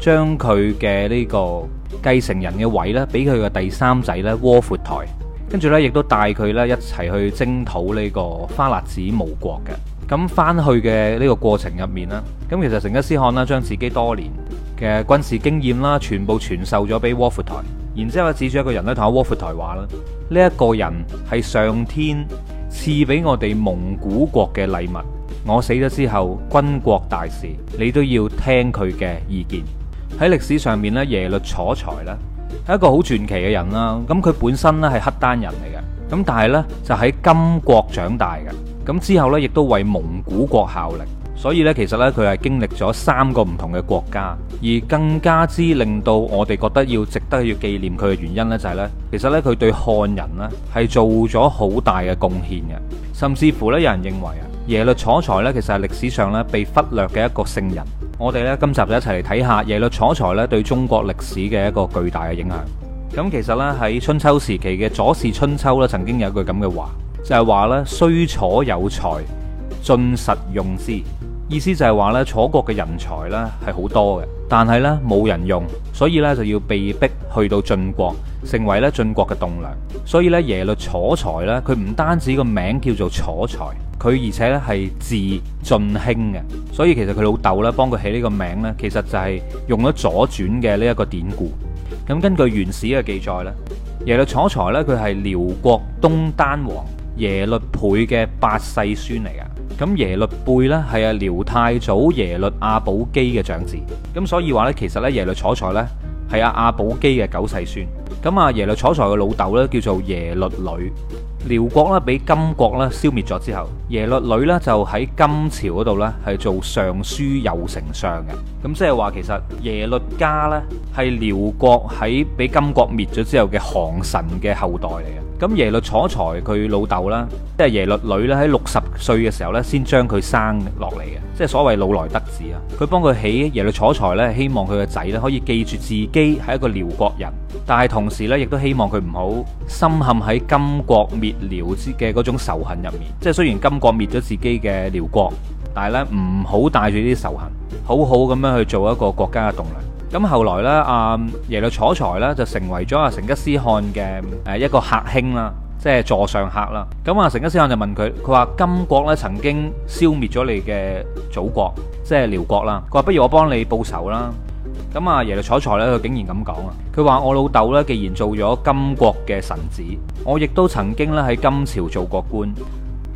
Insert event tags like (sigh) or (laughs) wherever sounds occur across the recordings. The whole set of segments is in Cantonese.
將佢嘅呢個繼承人嘅位咧，俾佢嘅第三仔呢窩闊台。跟住呢，亦都帶佢呢一齊去征討呢個花剌子模國嘅。咁翻去嘅呢個過程入面咧，咁其實成吉思汗啦，將自己多年嘅軍事經驗啦，全部傳授咗俾窩闊台。然之後，指住一個人咧，同阿窩闊台話啦：呢一個人係上天賜俾我哋蒙古國嘅禮物。我死咗之後，軍國大事你都要聽佢嘅意見。喺歷史上面咧，耶律楚材咧係一個好傳奇嘅人啦。咁佢本身咧係黑丹人嚟嘅，咁但係咧就喺金國長大嘅。咁之後咧，亦都為蒙古國效力。所以咧，其實咧佢係經歷咗三個唔同嘅國家，而更加之令到我哋覺得要值得去紀念佢嘅原因咧，就係、是、咧，其實咧佢對漢人呢係做咗好大嘅貢獻嘅，甚至乎咧有人認為啊。耶律楚材咧，其實係歷史上咧被忽略嘅一個聖人。我哋咧今集就一齊嚟睇下耶律楚材咧對中國歷史嘅一個巨大嘅影響。咁其實咧喺春秋時期嘅《左氏春秋》咧，曾經有一句咁嘅話，就係話咧，雖楚有才，晉實用之。意思就係話咧，楚國嘅人才咧係好多嘅，但係咧冇人用，所以咧就要被逼去到晉國，成為咧晉國嘅棟樑。所以咧，耶律楚材咧，佢唔單止個名叫做楚材。佢而且咧係字晉卿嘅，所以其實佢老豆咧幫佢起呢個名咧，其實就係用咗左傳嘅呢一個典故。咁根據《元史》嘅記載咧，耶律楚材咧佢係遼國東丹王耶律倍嘅八世孫嚟嘅。咁耶律倍咧係阿遼太祖耶律阿保機嘅長子，咁所以話咧其實咧耶律楚材咧係阿阿保機嘅九世孫。咁阿耶律楚材嘅老豆咧叫做耶律履。遼國啦，俾金國啦消滅咗之後，耶律女啦就喺金朝嗰度咧係做尚書右丞相嘅，咁即係話其實耶律家咧係遼國喺俾金國滅咗之後嘅降臣嘅後代嚟嘅。咁耶律楚材佢老豆啦，即係耶律女啦，喺六十歲嘅時候咧，先將佢生落嚟嘅，即係所謂老來得子啊！佢幫佢起耶律楚材咧，希望佢個仔咧可以記住自己係一個遼國人，但係同時咧亦都希望佢唔好深陷喺金國滅遼嘅嗰種仇恨入面。即係雖然金國滅咗自己嘅遼國，但係咧唔好帶住呢啲仇恨，好好咁樣去做一個國家嘅棟樑。咁後來呢，阿耶律楚材呢就成為咗阿成吉思汗嘅誒一個客卿啦，即係座上客啦。咁阿成吉思汗就問佢，佢話金國呢曾經消滅咗你嘅祖國，即係遼國啦。佢話不如我幫你報仇啦。咁阿耶律楚材呢佢竟然咁講啊，佢話我老豆呢，既然做咗金國嘅臣子，我亦都曾經呢喺金朝做過官。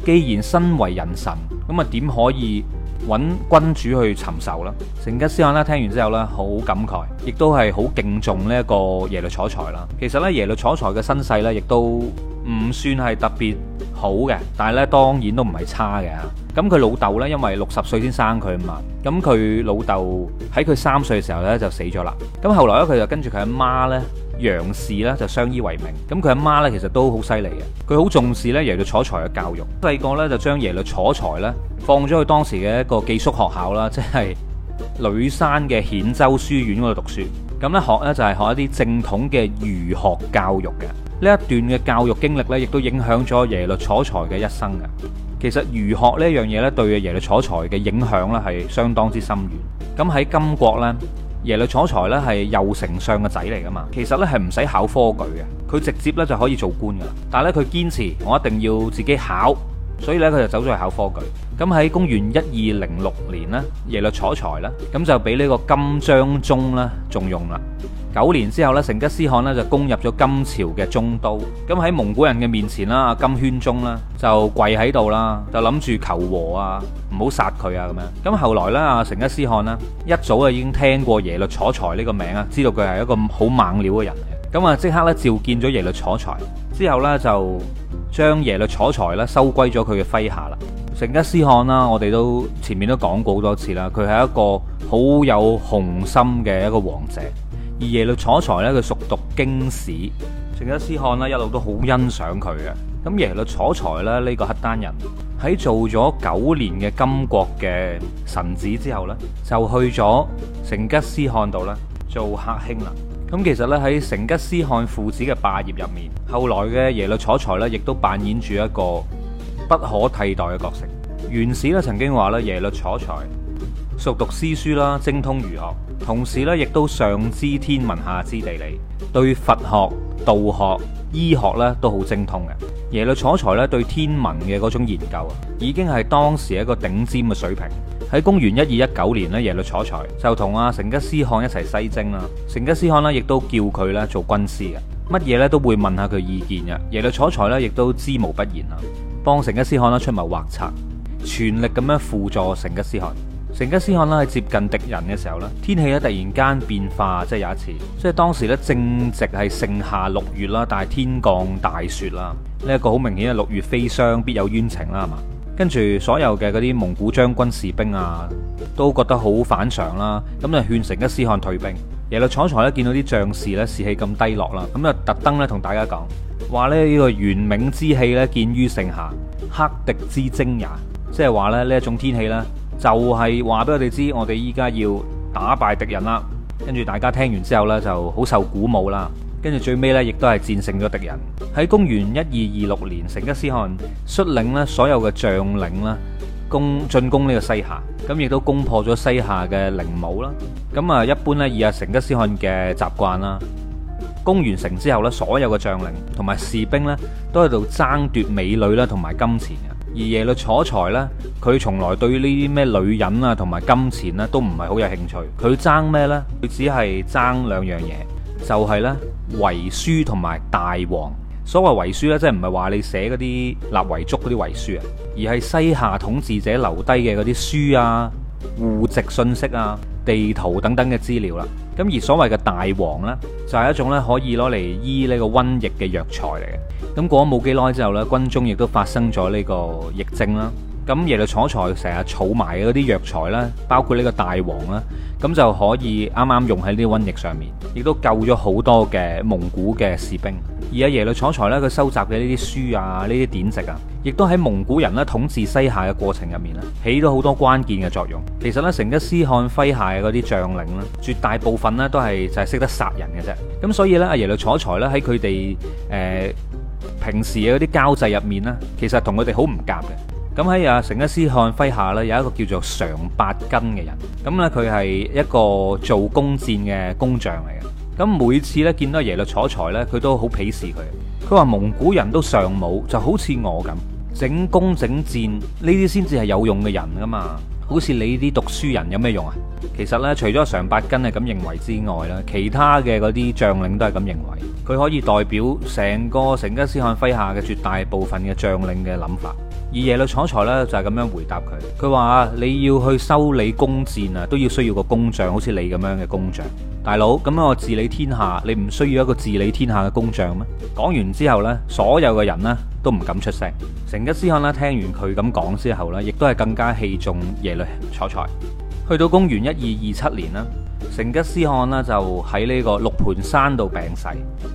既然身為人神，咁啊點可以揾君主去尋仇呢？成吉思汗啦，聽完之後咧，好感慨，亦都係好敬重呢一個耶律楚材啦。其實咧，耶律楚材嘅身世咧，亦都唔算係特別好嘅，但係咧當然都唔係差嘅。咁佢老豆呢，因為六十歲先生佢嘛，咁佢老豆喺佢三歲嘅時候呢，就死咗啦。咁後來咧，佢就跟住佢阿媽呢。楊氏啦，就相依為命，咁佢阿媽咧，其實都好犀利嘅，佢好重視咧耶律楚材嘅教育，細個呢，就將耶律楚材咧放咗去當時嘅一個寄宿學校啦，即係廬山嘅顯州書院嗰度讀書，咁呢，學咧就係學一啲正統嘅儒學教育嘅，呢一段嘅教育經歷呢，亦都影響咗耶律楚材嘅一生嘅。其實儒學呢樣嘢呢，對耶律楚材嘅影響呢，係相當之深遠，咁喺金國呢。耶律楚材咧係右丞相嘅仔嚟噶嘛，其實咧係唔使考科舉嘅，佢直接咧就可以做官噶啦。但係咧佢堅持我一定要自己考，所以咧佢就走咗去考科舉。咁喺公元一二零六年呢，耶律楚材呢，咁就俾呢個金章宗呢重用啦。九年之後咧，成吉思汗咧就攻入咗金朝嘅中都。咁喺蒙古人嘅面前啦，金圈中啦就跪喺度啦，就諗住求和啊，唔好殺佢啊咁樣。咁後來咧，阿成吉思汗咧一早啊已經聽過耶律楚材呢個名啊，知道佢係一個好猛料嘅人咁啊，即刻咧召見咗耶律楚材，之後呢就將耶律楚材咧收歸咗佢嘅麾下啦。成吉思汗啦，我哋都前面都講過好多次啦，佢係一個好有雄心嘅一個王者。而耶律楚材咧，佢熟讀經史，成吉思汗呢一路都好欣賞佢嘅。咁耶律楚材咧呢、這個黑丹人，喺做咗九年嘅金國嘅臣子之後呢，就去咗成吉思汗度呢做客卿啦。咁其實呢，喺成吉思汗父子嘅霸業入面，後來嘅耶律楚材呢亦都扮演住一個不可替代嘅角色。元史呢曾經話呢耶律楚材熟讀詩書啦，精通儒學。同時咧，亦都上知天文，下知地理，對佛學、道學、醫學咧都好精通嘅。耶律楚材咧對天文嘅嗰種研究啊，已經係當時一個頂尖嘅水平。喺公元一二一九年咧，耶律楚材就同阿成吉思汗一齊西征啦。成吉思汗咧亦都叫佢咧做軍師嘅，乜嘢咧都會問下佢意見嘅。耶律楚材咧亦都知無不言啊，幫成吉思汗啦出謀劃策，全力咁樣輔助成吉思汗。成吉思汗咧係接近敵人嘅時候呢，天氣咧突然間變化，即係有一次，即係當時咧正值係盛夏六月啦，但係天降大雪啦。呢、這、一個好明顯係六月飛霜，必有冤情啦，係嘛？跟住所有嘅嗰啲蒙古將軍士兵啊，都覺得好反常啦。咁就勸成吉思汗退兵。耶律楚材呢見到啲將士呢士，士氣咁低落啦，咁就特登咧同大家講話咧呢個元冥之氣呢，見於盛夏，克敵之精也。即係話咧呢一種天氣呢。就係話俾我哋知，我哋依家要打敗敵人啦。跟住大家聽完之後咧，就好受鼓舞啦。跟住最尾咧，亦都係戰勝咗敵人。喺公元一二二六年，成吉思汗率領咧所有嘅將領啦，攻進攻呢個西夏，咁亦都攻破咗西夏嘅靈武啦。咁啊，一般咧以阿成吉思汗嘅習慣啦，攻完城之後咧，所有嘅將領同埋士兵咧，都喺度爭奪美女啦同埋金錢嘅。而耶律楚材呢，佢從來對呢啲咩女人啊，同埋金錢咧、啊，都唔係好有興趣。佢爭咩呢？佢只係爭兩樣嘢，就係、是、呢：遺書同埋大王。所謂遺書呢，即係唔係話你寫嗰啲立遺囑嗰啲遺書啊，而係西夏統治者留低嘅嗰啲書啊、戶籍信息啊。地圖等等嘅資料啦，咁而所謂嘅大黃咧，就係一種咧可以攞嚟醫呢個瘟疫嘅藥材嚟嘅。咁過咗冇幾耐之後咧，軍中亦都發生咗呢個疫症啦。咁耶律楚材成日儲埋嗰啲藥材啦，包括呢個大黃啦，咁就可以啱啱用喺呢瘟疫上面，亦都救咗好多嘅蒙古嘅士兵。而阿耶律楚材咧，佢收集嘅呢啲書啊，呢啲典籍啊，亦都喺蒙古人咧統治西夏嘅過程入面咧，起咗好多關鍵嘅作用。其實咧，成吉思汗麾下嘅嗰啲將領咧，絕大部分呢都係就係識得殺人嘅啫。咁所以咧，阿耶律楚材咧喺佢哋誒平時嘅嗰啲交際入面呢，其實同佢哋好唔夾嘅。咁喺啊成吉思汗麾下咧，有一個叫做常八斤嘅人。咁咧，佢係一個做弓箭嘅工匠嚟嘅。咁每次咧見到耶律楚材咧，佢都好鄙視佢。佢話蒙古人都尚武，就好似我咁整弓整箭呢啲先至係有用嘅人噶嘛。好似你呢啲讀書人有咩用啊？其實咧，除咗常八斤係咁認為之外咧，其他嘅嗰啲將領都係咁認為。佢可以代表成個成吉思汗麾下嘅絕大部分嘅將領嘅諗法。而耶律楚材咧就係咁樣回答佢，佢話啊你要去修理弓箭啊都要需要個工匠，好似你咁樣嘅工匠，大佬咁樣我治理天下，你唔需要一個治理天下嘅工匠咩？講完之後呢，所有嘅人呢都唔敢出聲。成吉思汗咧聽完佢咁講之後呢，亦都係更加器重耶律楚材。去到公元一二二七年啦。成吉思汗啦就喺呢個六盤山度病逝，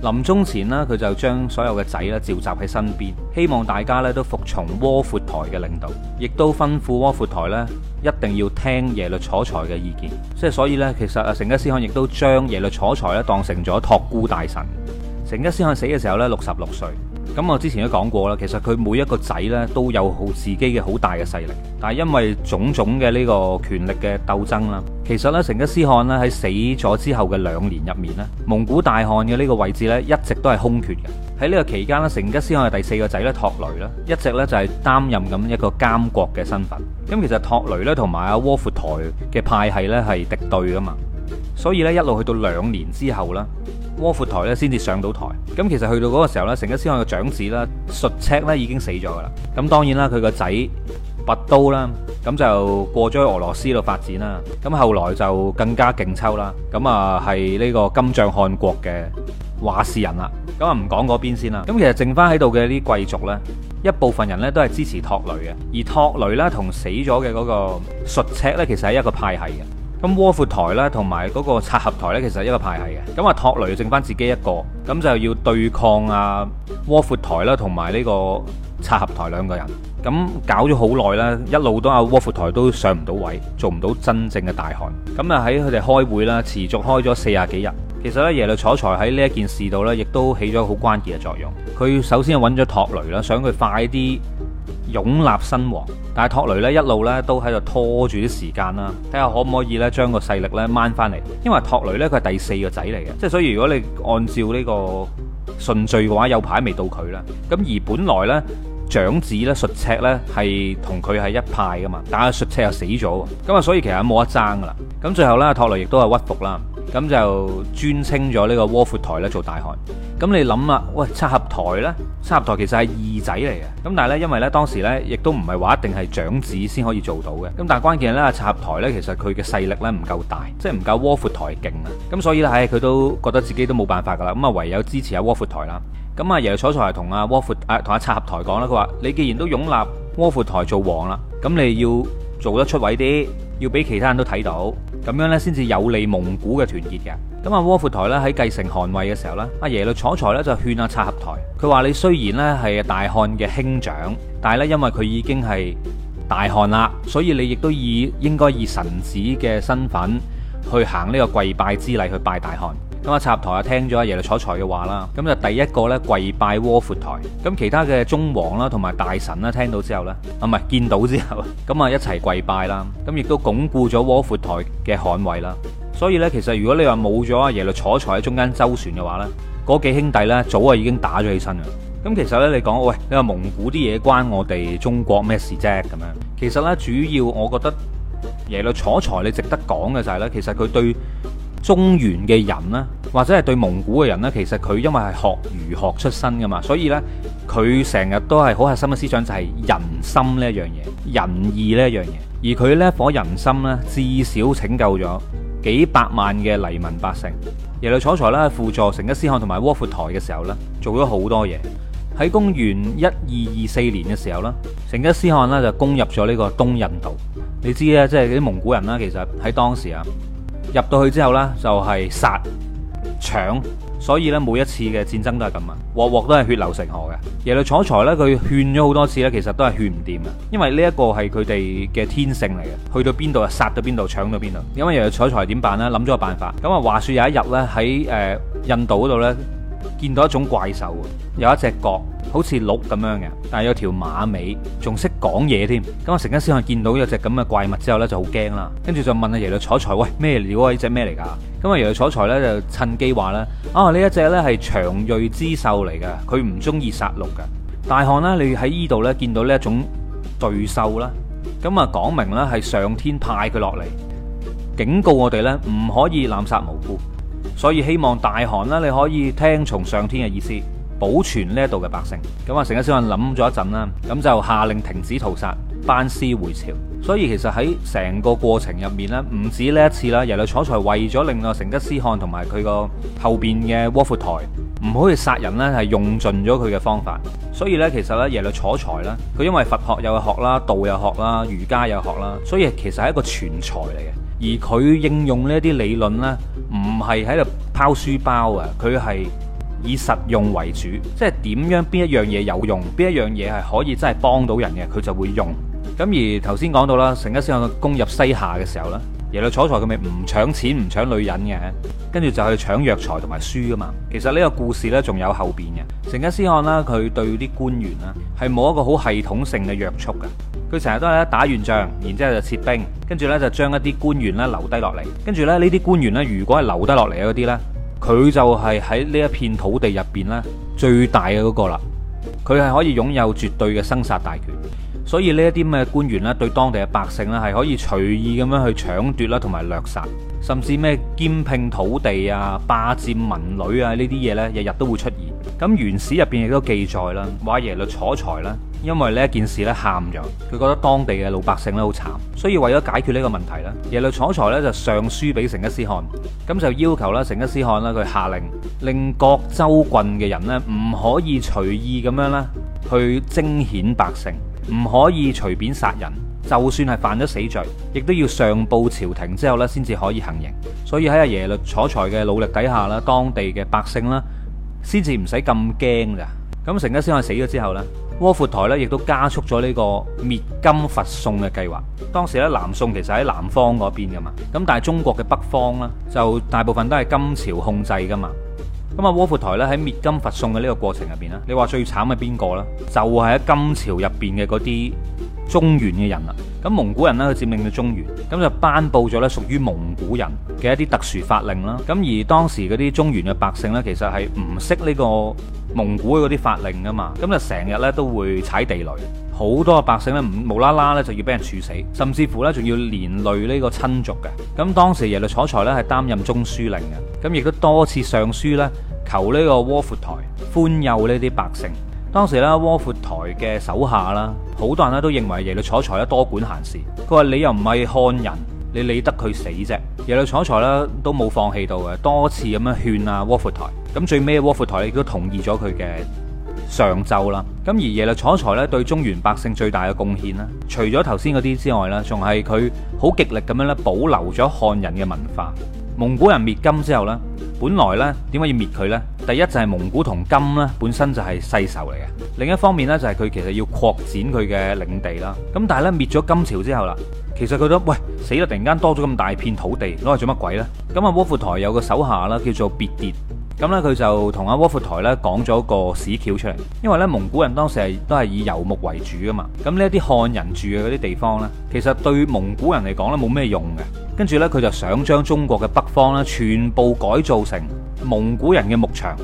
臨終前啦佢就將所有嘅仔咧召集喺身邊，希望大家咧都服從窩闊台嘅領導，亦都吩咐窩闊台咧一定要聽耶律楚材嘅意見，即係所以咧其實啊成吉思汗亦都將耶律楚材咧當成咗托孤大臣，成吉思汗死嘅時候咧六十六歲。咁我之前都講過啦，其實佢每一個仔呢都有好自己嘅好大嘅勢力，但係因為種種嘅呢個權力嘅鬥爭啦，其實呢成吉思汗呢喺死咗之後嘅兩年入面呢，蒙古大汗嘅呢個位置呢一直都係空缺嘅。喺呢個期間呢，成吉思汗嘅第四個仔呢，托雷呢一直呢就係擔任咁一個監國嘅身份。咁、嗯、其實托雷呢同埋阿窩闊台嘅派系呢係敵對噶嘛。所以咧，一路去到兩年之後啦，窩闊台咧先至上到台。咁其實去到嗰個時候咧，成吉思汗個長子啦，術赤咧已經死咗噶啦。咁當然啦，佢個仔拔都啦，咁就過咗去俄羅斯度發展啦。咁後來就更加勁抽啦。咁啊，係呢個金帳汗國嘅話事人啦。咁啊，唔講嗰邊先啦。咁其實剩翻喺度嘅啲貴族咧，一部分人咧都係支持托雷嘅。而托雷咧同死咗嘅嗰個術赤咧，其實係一個派系嘅。咁窩闊台咧，同埋嗰個察合台咧，其實係一個派系嘅。咁啊，托雷剩翻自己一個，咁就要對抗啊窩闊台啦，同埋呢個察合台兩個人。咁搞咗好耐啦，一路都阿窩闊台都上唔到位，做唔到真正嘅大汗。咁啊，喺佢哋開會啦，持續開咗四廿幾日。其實咧，耶律楚材喺呢一件事度咧，亦都起咗好關鍵嘅作用。佢首先揾咗托雷啦，想佢快啲。擁立新王，但係托雷咧一路咧都喺度拖住啲時間啦，睇下可唔可以咧將個勢力咧掹翻嚟。因為托雷咧佢係第四個仔嚟嘅，即係所以如果你按照呢個順序嘅話，有排未到佢啦。咁而本來咧長子咧術赤咧係同佢係一派噶嘛，但係術赤又死咗，咁啊所以其實冇得爭噶啦。咁最後咧托雷亦都係屈服啦。咁就專稱咗呢個窩闊台咧做大汗。咁你諗啦，喂，察合台呢？察合台其實係二仔嚟嘅。咁但係呢，因為呢當時呢，亦都唔係話一定係長子先可以做到嘅。咁但係關鍵呢，咧，察合台呢，其實佢嘅勢力呢唔夠大，即係唔夠窩闊台勁啊。咁所以呢，係、哎、佢都覺得自己都冇辦法㗎啦。咁啊，唯有支持阿窩闊台啦。咁啊，耶律楚材同阿窩闊啊，同阿察合台講啦，佢話：你既然都擁立窩闊台做王啦，咁你要做得出位啲。要俾其他人都睇到，咁樣咧先至有利蒙古嘅團結嘅。咁啊，窩闊台咧喺繼承汗位嘅時候咧，阿耶律楚材咧就勸阿察合台，佢話你雖然咧係大汗嘅兄長，但係咧因為佢已經係大汗啦，所以你亦都以應該以臣子嘅身份去行呢個跪拜之禮去拜大汗。咁啊，察合台啊，聽咗阿耶律楚材嘅話啦，咁就第一個咧跪拜窩闊台，咁其他嘅宗王啦同埋大臣啦聽到之後咧，唔係、啊、見到之後，咁 (laughs) 啊一齊跪拜啦，咁亦都鞏固咗窩闊台嘅汗位啦。所以咧，其實如果你話冇咗阿耶律楚材喺中間周旋嘅話咧，嗰幾兄弟咧早啊已經打咗起身啊。咁其實咧，你講喂，你話蒙古啲嘢關我哋中國咩事啫？咁樣，其實咧主要我覺得耶律楚材你值得講嘅就係咧，其實佢對，中原嘅人啦，或者係對蒙古嘅人呢，其實佢因為係學儒學出身噶嘛，所以呢，佢成日都係好核心嘅思想就係人心呢一樣嘢，仁義呢一樣嘢。而佢呢一顆人心呢，至少拯救咗幾百萬嘅黎民百姓。耶律楚材呢，輔助成吉思汗同埋窩闊台嘅時候呢，做咗好多嘢。喺公元一二二四年嘅時候呢，成吉思汗呢就攻入咗呢個東印度。你知咧，即係啲蒙古人啦，其實喺當時啊。入到去之後呢，就係殺搶，所以呢，每一次嘅戰爭都係咁啊，鑊鑊都係血流成河嘅。耶律楚材呢，佢勸咗好多次呢，其實都係勸唔掂啊，因為呢一個係佢哋嘅天性嚟嘅，去到邊度就殺到邊度，搶到邊度。因為耶律楚材點辦呢？諗咗個辦法。咁啊，話說有一日呢，喺誒印度嗰度呢。見到一種怪獸，有一隻角，好似鹿咁樣嘅，但係有條馬尾，仲識講嘢添。咁、嗯、啊，成吉思汗見到有隻咁嘅怪物之後呢，就好驚啦。跟住就問耶律楚材，喂，咩料啊？呢隻咩嚟噶？咁啊，耶律楚材呢，就趁機話呢：「啊，呢一隻咧係祥瑞之獸嚟嘅，佢唔中意殺戮嘅。大汗呢，你喺依度呢，見到呢一種巨獸啦，咁啊講明呢係上天派佢落嚟，警告我哋呢，唔可以濫殺無辜。所以希望大汗啦，你可以聽從上天嘅意思，保存呢一度嘅百姓。咁啊，成吉思汗諗咗一陣啦，咁就下令停止屠殺，班師回朝。所以其實喺成個過程入面呢，唔止呢一次啦，耶律楚材為咗令到成吉思汗同埋佢個後邊嘅窩闊台唔可以殺人呢，係用盡咗佢嘅方法。所以呢，其實呢，耶律楚材咧，佢因為佛學又學啦，道又學啦，儒家又學啦，所以其實係一個全才嚟嘅。而佢應用呢啲理論呢，唔係喺度拋書包啊，佢係以實用為主，即係點樣邊一樣嘢有用，邊一樣嘢係可以真係幫到人嘅，佢就會用。咁而頭先講到啦，成吉思汗攻入西夏嘅時候呢。耶律楚材佢咪唔搶錢唔搶女人嘅，跟住就去搶藥材同埋書㗎嘛。其實呢個故事呢，仲有後邊嘅。成吉思汗啦，佢對啲官員啦係冇一個好系統性嘅約束噶。佢成日都係打完仗，然之後就撤兵，跟住呢就將一啲官員咧留低落嚟。跟住咧呢啲官員呢，如果係留低落嚟嗰啲呢，佢就係喺呢一片土地入邊呢最大嘅嗰個啦。佢係可以擁有絕對嘅生殺大權。所以呢一啲咩官員呢？對當地嘅百姓呢，係可以隨意咁樣去搶奪啦，同埋掠殺，甚至咩兼併土地啊、霸佔民女啊呢啲嘢呢，日日都會出現。咁《元史》入邊亦都記載啦，話耶律楚材咧，因為呢一件事呢，喊咗，佢覺得當地嘅老百姓呢好慘，所以為咗解決呢個問題呢，耶律楚材呢就上書俾成吉思汗，咁就要求啦，成吉思汗呢，佢下令令各州郡嘅人呢，唔可以隨意咁樣呢，去徵遣百姓。唔可以隨便殺人，就算係犯咗死罪，亦都要上報朝廷之後咧，先至可以行刑。所以喺阿耶律楚材嘅努力底下啦，當地嘅百姓啦，先至唔使咁驚咋。咁成吉思汗死咗之後呢，窩闊台呢，亦都加速咗呢個滅金伐宋嘅計劃。當時呢，南宋其實喺南方嗰邊噶嘛，咁但係中國嘅北方呢，就大部分都係金朝控制噶嘛。咁啊，窩闊台咧喺滅金伐宋嘅呢個過程入邊咧，你話最慘係邊個呢？就係喺金朝入邊嘅嗰啲。中原嘅人啦，咁蒙古人呢，佢佔領咗中原，咁就頒布咗咧屬於蒙古人嘅一啲特殊法令啦。咁而當時嗰啲中原嘅百姓呢，其實係唔識呢個蒙古嘅嗰啲法令噶嘛，咁就成日呢都會踩地雷，好多百姓呢，唔無啦啦呢就要俾人處死，甚至乎呢仲要連累呢個親族嘅。咁當時耶律楚材呢係擔任中書令嘅，咁亦都多次上書呢，求呢個窩闊台寬宥呢啲百姓。當時咧，窩闊台嘅手下啦，好多人咧都認為耶律楚材咧多管閒事。佢話：你又唔係漢人，你理得佢死啫？耶律楚材咧都冇放棄到嘅，多次咁樣勸啊窩闊台。咁最尾窩闊台咧亦都同意咗佢嘅上奏啦。咁而耶律楚材咧對中原百姓最大嘅貢獻呢，除咗頭先嗰啲之外呢，仲係佢好極力咁樣咧保留咗漢人嘅文化。蒙古人滅金之後呢，本來呢點解要滅佢呢？第一就係蒙古同金呢本身就係世仇嚟嘅。另一方面呢，就係佢其實要擴展佢嘅領地啦。咁但係咧滅咗金朝之後啦，其實佢都喂死啦！突然間多咗咁大片土地，攞嚟做乜鬼呢？嗯，咁啊，窩闊台有個手下啦，叫做別迭。咁、嗯、呢，佢就同阿窩闊台呢講咗個屎橋出嚟，因為呢蒙古人當時係都係以遊牧為主噶嘛。咁呢啲漢人住嘅嗰啲地方呢，其實對蒙古人嚟講呢，冇咩用嘅。跟住呢佢就想將中國嘅北方咧，全部改造成蒙古人嘅牧場。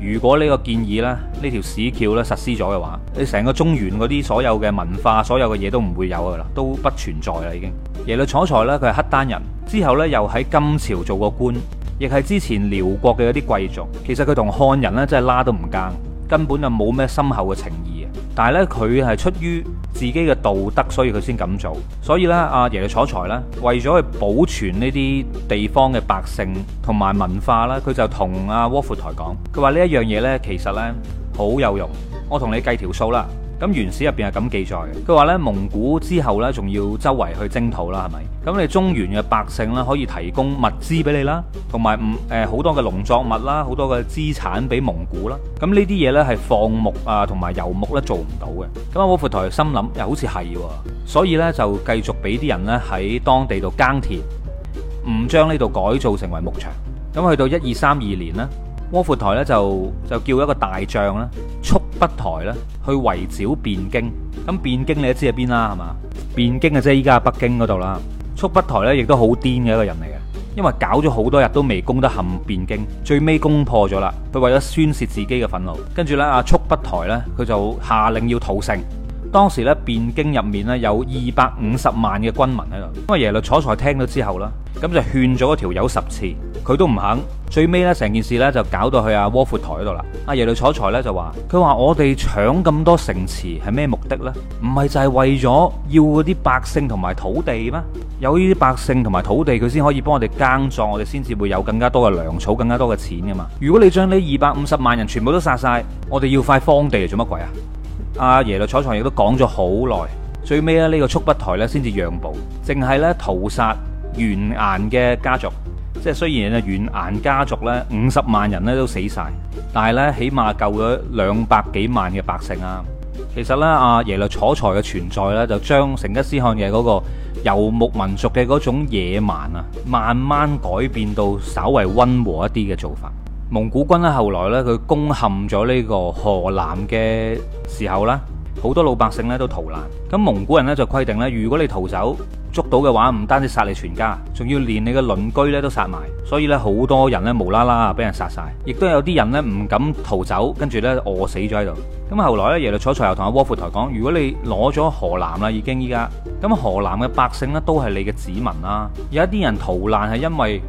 如果呢個建議咧，呢條屎橋咧實施咗嘅話，你成個中原嗰啲所有嘅文化、所有嘅嘢都唔會有噶啦，都不存在啦已經。耶律楚材，呢佢係黑丹人，之後呢又喺金朝做過官，亦係之前遼國嘅一啲貴族。其實佢同漢人呢真係拉都唔間，根本就冇咩深厚嘅情義。但係呢，佢係出於自己嘅道德，所以佢先咁做。所以呢，阿、啊、爺嘅楚材呢，為咗去保存呢啲地方嘅百姓同埋文化呢，佢就同阿窩闊台講，佢話呢一樣嘢呢，其實呢，好有用。我同你計條數啦。咁《元史》入邊係咁記載嘅，佢話咧蒙古之後咧，仲要周圍去征討啦，係咪？咁你中原嘅百姓啦，可以提供物資俾你啦，同埋唔誒好多嘅農作物啦，好多嘅資產俾蒙古啦。咁呢啲嘢、啊、呢係放牧啊同埋遊牧呢做唔到嘅。咁窩闊台心諗，又好似係、哦，所以呢就繼續俾啲人呢喺當地度耕田，唔將呢度改造成為牧場。咁去到一二三二年呢。窩闊台咧就就叫一個大將咧，速不台咧去圍剿汴京。咁汴京你都知喺邊啦，係嘛？汴京就即係依家北京嗰度啦。速不台咧亦都好癲嘅一個人嚟嘅因為搞咗好多日都未攻得陷汴、汴京，最尾攻破咗啦。佢為咗宣洩自己嘅憤怒，跟住咧阿速不台咧，佢就下令要屠城。當時咧，汴京入面咧有二百五十萬嘅軍民喺度。咁啊，耶律楚材聽到之後啦，咁就勸咗嗰條友十次，佢都唔肯。最尾咧，成件事咧就搞到去阿窩闊台度啦。阿耶律楚材咧就話：佢話我哋搶咁多城池係咩目的呢？唔係就係為咗要嗰啲百姓同埋土地咩？有呢啲百姓同埋土地，佢先可以幫我哋耕作，我哋先至會有更加多嘅糧草、更加多嘅錢噶嘛。如果你將呢二百五十萬人全部都殺晒，我哋要塊荒地嚟做乜鬼啊？阿耶律楚材亦都講咗好耐，最尾咧呢個速不台咧先至讓步，淨係呢屠殺完顏嘅家族，即係雖然咧完顏家族呢五十萬人呢都死晒，但係呢起碼救咗兩百幾萬嘅百姓啊！其實呢，阿耶律楚材嘅存在呢，就將成吉思汗嘅嗰個遊牧民族嘅嗰種野蠻啊，慢慢改變到稍為溫和一啲嘅做法。蒙古軍咧後來咧佢攻陷咗呢個河南嘅時候啦，好多老百姓咧都逃難。咁蒙古人咧就規定咧，如果你逃走捉到嘅話，唔單止殺你全家，仲要連你嘅鄰居咧都殺埋。所以咧好多人咧無啦啦俾人殺晒，亦都有啲人咧唔敢逃走，跟住咧餓死咗喺度。咁後來咧耶律楚材又同阿窩闊台講：如果你攞咗河南啦，已經依家咁，河南嘅百姓咧都係你嘅子民啦。有一啲人逃難係因為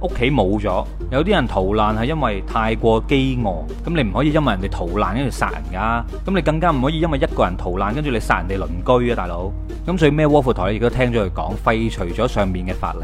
屋企冇咗，有啲人逃難係因為太過飢餓，咁你唔可以因為人哋逃難跟住殺人噶，咁你更加唔可以因為一個人逃難跟住你殺人哋鄰居啊，大佬。咁最尾窩闊台亦都聽咗佢講，廢除咗上面嘅法令。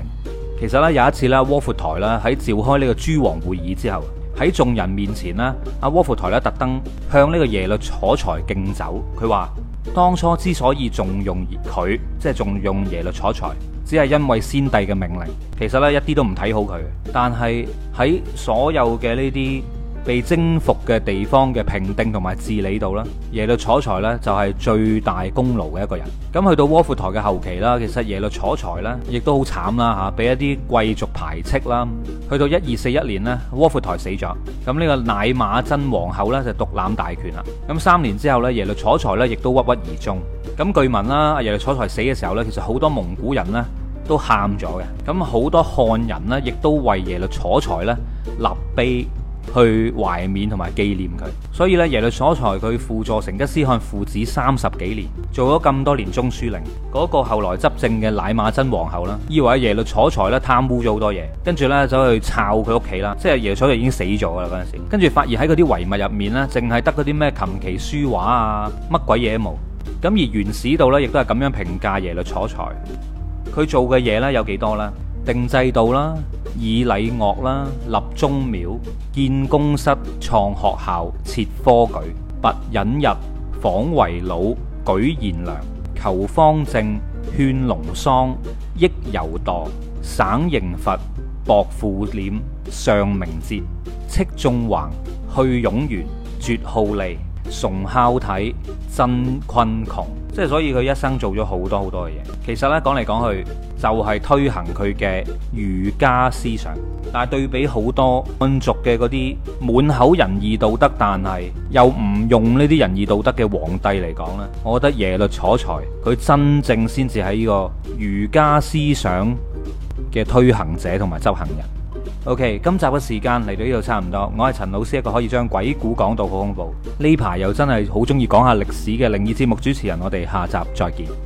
其實咧，有一次咧，窩闊台咧喺召開呢個諸王會議之後，喺眾人面前咧，阿窩闊台咧特登向呢個耶律楚材敬酒，佢話：當初之所以重用佢，即係重用耶律楚材。只係因為先帝嘅命令，其實呢一啲都唔睇好佢。但係喺所有嘅呢啲，被征服嘅地方嘅平定同埋治理度啦，耶律楚材呢就係最大功勞嘅一個人。咁去到窩闊台嘅後期啦，其實耶律楚材呢亦都好慘啦吓，俾一啲貴族排斥啦。去到一二四一年呢，窩闊台死咗，咁、這、呢個乃馬真皇后呢，就獨攬大權啦。咁三年之後呢，耶律楚材呢亦都鬱鬱而終。咁據聞啦，耶律楚材死嘅時候呢，其實好多蒙古人呢都喊咗嘅。咁好多漢人呢，亦都為耶律楚材呢立碑。去懷緬同埋紀念佢，所以咧，耶律楚材佢輔助成吉思汗父子三十幾年，做咗咁多年中書令，嗰個後來執政嘅乃馬真皇后啦，以為耶律楚材咧貪污咗好多嘢，跟住咧走去抄佢屋企啦，即係耶律楚材已經死咗啦嗰陣時，跟住發現喺嗰啲遺物入面呢，淨係得嗰啲咩琴棋書畫啊，乜鬼嘢都冇，咁而元史度咧亦都係咁樣評價耶律楚材。佢做嘅嘢咧有幾多呢？定制度啦，以禮樂啦，立宗廟，建宮室，創學校，設科舉，拔隱逸，訪遺老，舉賢良，求方正，勸農桑，抑游惰，省刑罰，薄賦斂，尚名節，斥縱橫，去冗員，絕豪利。崇孝體真困窮，即係所以佢一生做咗好多好多嘅嘢。其實呢講嚟講去，就係、是、推行佢嘅儒家思想。但係對比好多漢族嘅嗰啲滿口仁義道德，但係又唔用呢啲仁義道德嘅皇帝嚟講呢，我覺得耶律楚材，佢真正先至係呢個儒家思想嘅推行者同埋執行人。OK，今集嘅時間嚟到呢度差唔多，我係陳老師一個可以將鬼故講到好恐怖，呢排又真係好中意講下歷史嘅靈異節目主持人，我哋下集再見。